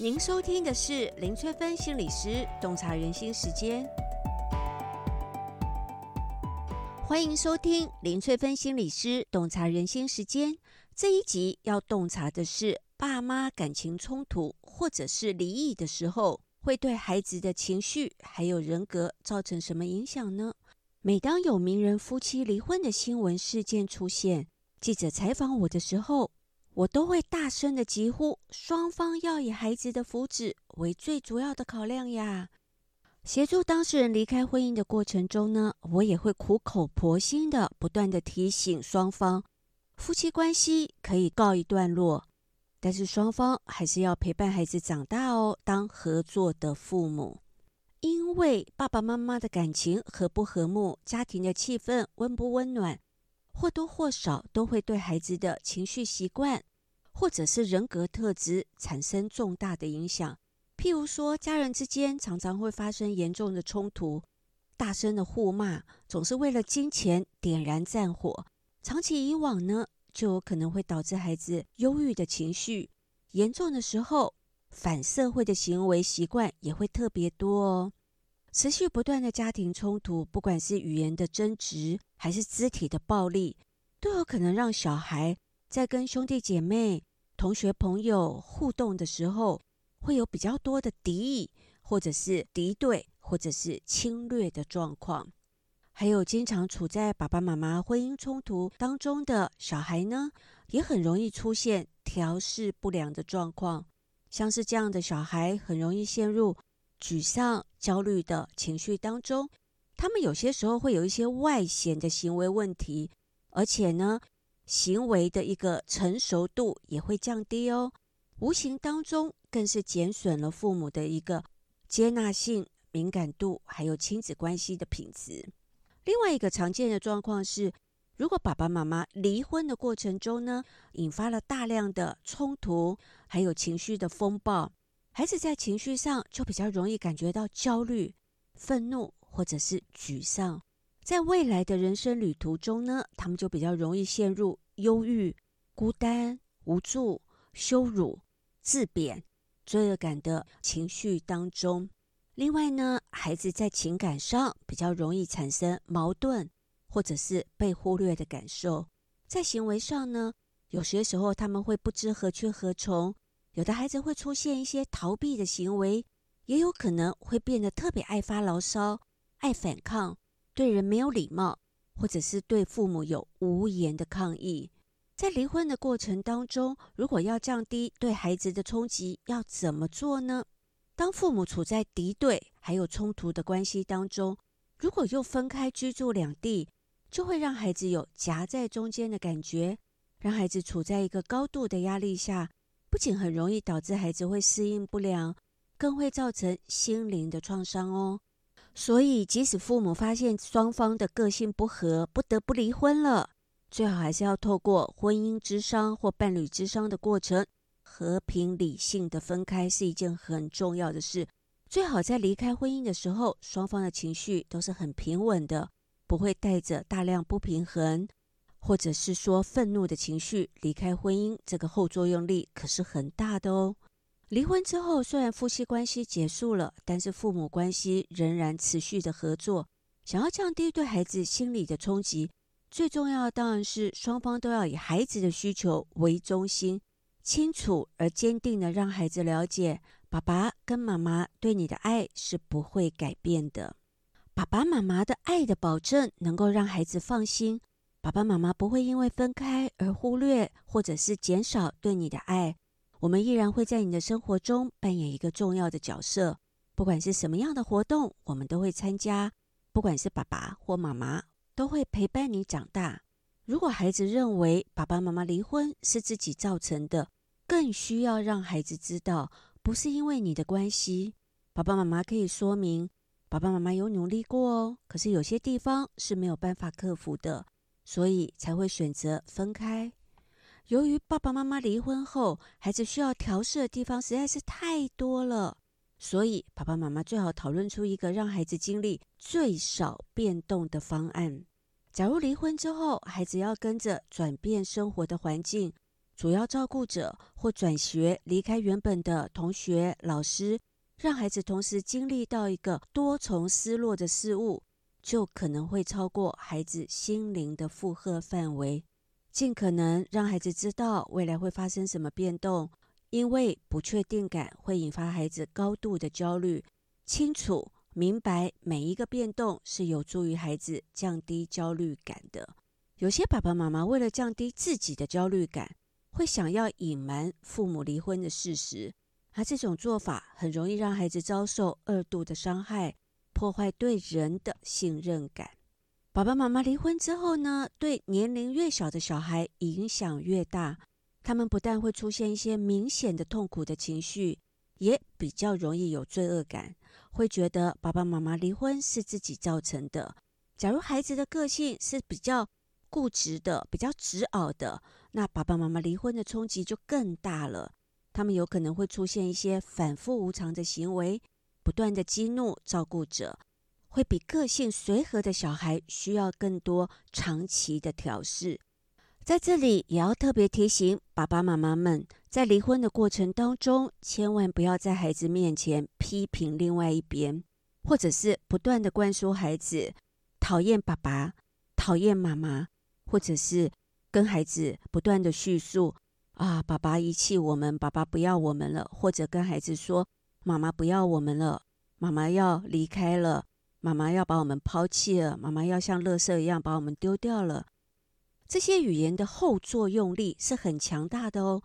您收聽的是林翠芬心理師洞察人心時間，歡迎收聽林翠芬心理師洞察人心時間。這一集要洞察的是，爸媽感情衝突或者是離異的時候，會對孩子的情緒還有人格造成什麼影響呢？每當有名人夫妻離婚的新聞事件出現，記者採訪我的時候，我都會大聲的疾呼，雙方要以孩子的福祉為最主要的考量呀。協助當事人離開婚姻的過程中呢，我也會苦口婆心的不斷的提醒雙方，夫妻關係可以告一段落，但是雙方還是要陪伴孩子長大哦，當合作的父母。因為爸爸媽媽的感情和不和睦，家庭的氣氛溫不溫暖，或多或少都會對孩子的情緒習慣。或者是人格特質產生重大的影響，譬如說，家人之間常常會發生嚴重的衝突，大聲的互罵，總是為了金錢點燃戰火。長期以往呢，就有可能會導致孩子憂鬱的情緒，嚴重的時候，反社會的行為習慣也會特別多哦。持續不斷的家庭衝突，不管是語言的爭執，還是肢體的暴力，都有可能讓小孩。在跟兄弟姐妹、同學、朋友互動的時候，會有比較多的敵意，或者是敵對，或者是侵略的狀況。還有經常處在爸爸媽媽婚姻衝突當中的小孩呢，也很容易出現調適不良的狀況。像是這樣的小孩，很容易陷入沮喪、焦慮的情緒當中。他們有些時候會有一些外顯的行為問題，而且呢。行為的一個成熟度也會降低哦，無形當中更是減損了父母的一個接納性、敏感度，還有親子關係的品質。另外一個常見的狀況是，如果爸爸媽媽離婚的過程中呢，引發了大量的衝突，還有情緒的風暴，孩子在情緒上就比較容易感覺到焦慮、憤怒或者是沮喪。在未來的人生旅途中呢，他們就比較容易陷入憂鬱、孤單、無助、羞辱、自貶、罪惡感的情緒當中。另外呢，孩子在情感上比較容易產生矛盾，或者是被忽略的感受。在行為上呢，有些時候他們會不知何去何從。有的孩子會出現一些逃避的行為，也有可能會變得特別愛發牢騷、愛反抗。對人沒有禮貌，或者是對父母有無言的抗議。在離婚的過程當中，如果要降低對孩子的衝擊，要怎麼做呢？當父母處在敵對還有衝突的關係當中，如果又分開居住兩地，就會讓孩子有夾在中間的感覺，讓孩子處在一個高度的壓力下，不僅很容易導致孩子會適應不良，更會造成心靈的創傷哦。所以，即使父母發現雙方的個性不合，不得不離婚了，最好還是要透過婚姻諮商或伴侶諮商的過程，和平理性的分開是一件很重要的事。最好在離開婚姻的時候，雙方的情緒都是很平穩的，不會帶着大量不平衡或者是說憤怒的情緒離開婚姻。這個後作用力可是很大的哦。離婚之後，雖然夫妻關係結束了，但是父母關係仍然持續的合作。想要降低對孩子心理的衝擊，最重要的當然是雙方都要以孩子的需求為中心，清楚而堅定的讓孩子了解，爸爸跟媽媽對你的愛是不會改變的。爸爸媽媽的愛的保證，能夠讓孩子放心，爸爸媽媽不會因為分開而忽略或者是減少對你的愛。我們依然會在你的生活中扮演一個重要的角色，不管是什麼樣的活動，我們都會參加。不管是爸爸或媽媽，都會陪伴你長大。如果孩子認為爸爸媽媽離婚是自己造成的，更需要讓孩子知道，不是因為你的關係。爸爸媽媽可以說明，爸爸媽媽有努力過哦，可是有些地方是沒有辦法克服的，所以才會選擇分開。由於爸爸媽媽離婚後，孩子需要調適的地方實在是太多了，所以爸爸媽媽最好討論出一個讓孩子經歷最少變動的方案。假如離婚之後，孩子要跟着轉變生活的環境，主要照顧者或轉學離開原本的同學、老師，讓孩子同時經歷到一個多重失落的事物，就可能會超過孩子心靈的負荷範圍。盡可能讓孩子知道未來會發生什麼變動，因為不確定感會引發孩子高度的焦慮。清楚明白每一個變動是有助於孩子降低焦慮感的。有些爸爸媽媽為了降低自己的焦慮感，會想要隱瞞父母離婚的事實，而，啊，這種做法很容易讓孩子遭受二度的傷害，破壞對人的信任感。爸爸媽媽離婚之後呢，對年齡越小的小孩影響越大。他們不但會出現一些明顯的痛苦的情緒，也比較容易有罪惡感，會覺得爸爸媽媽離婚是自己造成的。假如孩子的個性是比較固執的、比較執拗的，那爸爸媽媽離婚的衝擊就更大了。他們有可能會出現一些反覆無常的行為，不斷的激怒照顧者。會比個性隨和的小孩需要更多長期的調適。在這裡，也要特別提醒爸爸媽媽們，在離婚的過程當中，千萬不要在孩子面前批評另外一邊，或者是不斷的灌輸孩子討厭爸爸、討厭媽媽，或者是跟孩子不斷的敘述啊，爸爸遺棄我們，爸爸不要我們了，或者跟孩子說媽媽不要我們了，媽媽要離開了。媽媽要把我們拋棄了，媽媽要像垃圾一樣把我們丟掉了。這些語言的後作用力是很強大的哦，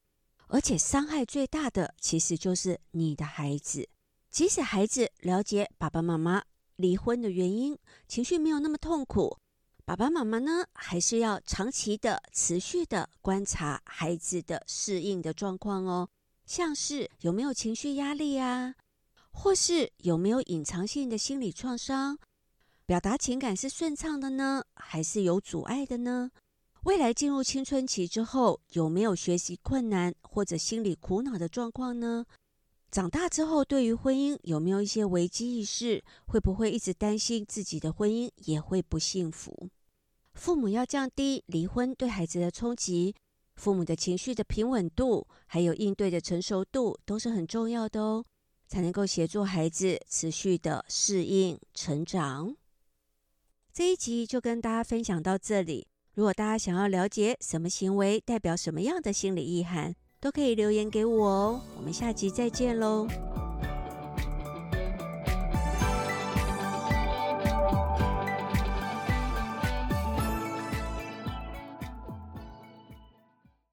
而且傷害最大的其實就是你的孩子。即使孩子了解爸爸媽媽離婚的原因，情緒沒有那麼痛苦，爸爸媽媽呢，還是要長期的、持續的觀察孩子的適應的狀況哦，像是有沒有情緒壓力啊？或是有沒有隱藏性的心理創傷？表達情感是順暢的呢，還是有阻礙的呢？未來進入青春期之後，有沒有學習困難或者心理苦惱的狀況呢？長大之後，對於婚姻有沒有一些危機意識？會不會一直擔心自己的婚姻也會不幸福？父母要降低離婚對孩子的衝擊，父母的情緒的平穩度，還有應對的成熟度，都是很重要的哦。才能夠協助孩子持續的適應成長。這一集就跟大家分享到這裡，如果大家想要了解什麼行為代表什麼樣的心理意涵，都可以留言給我哦。我們下集再見嘍。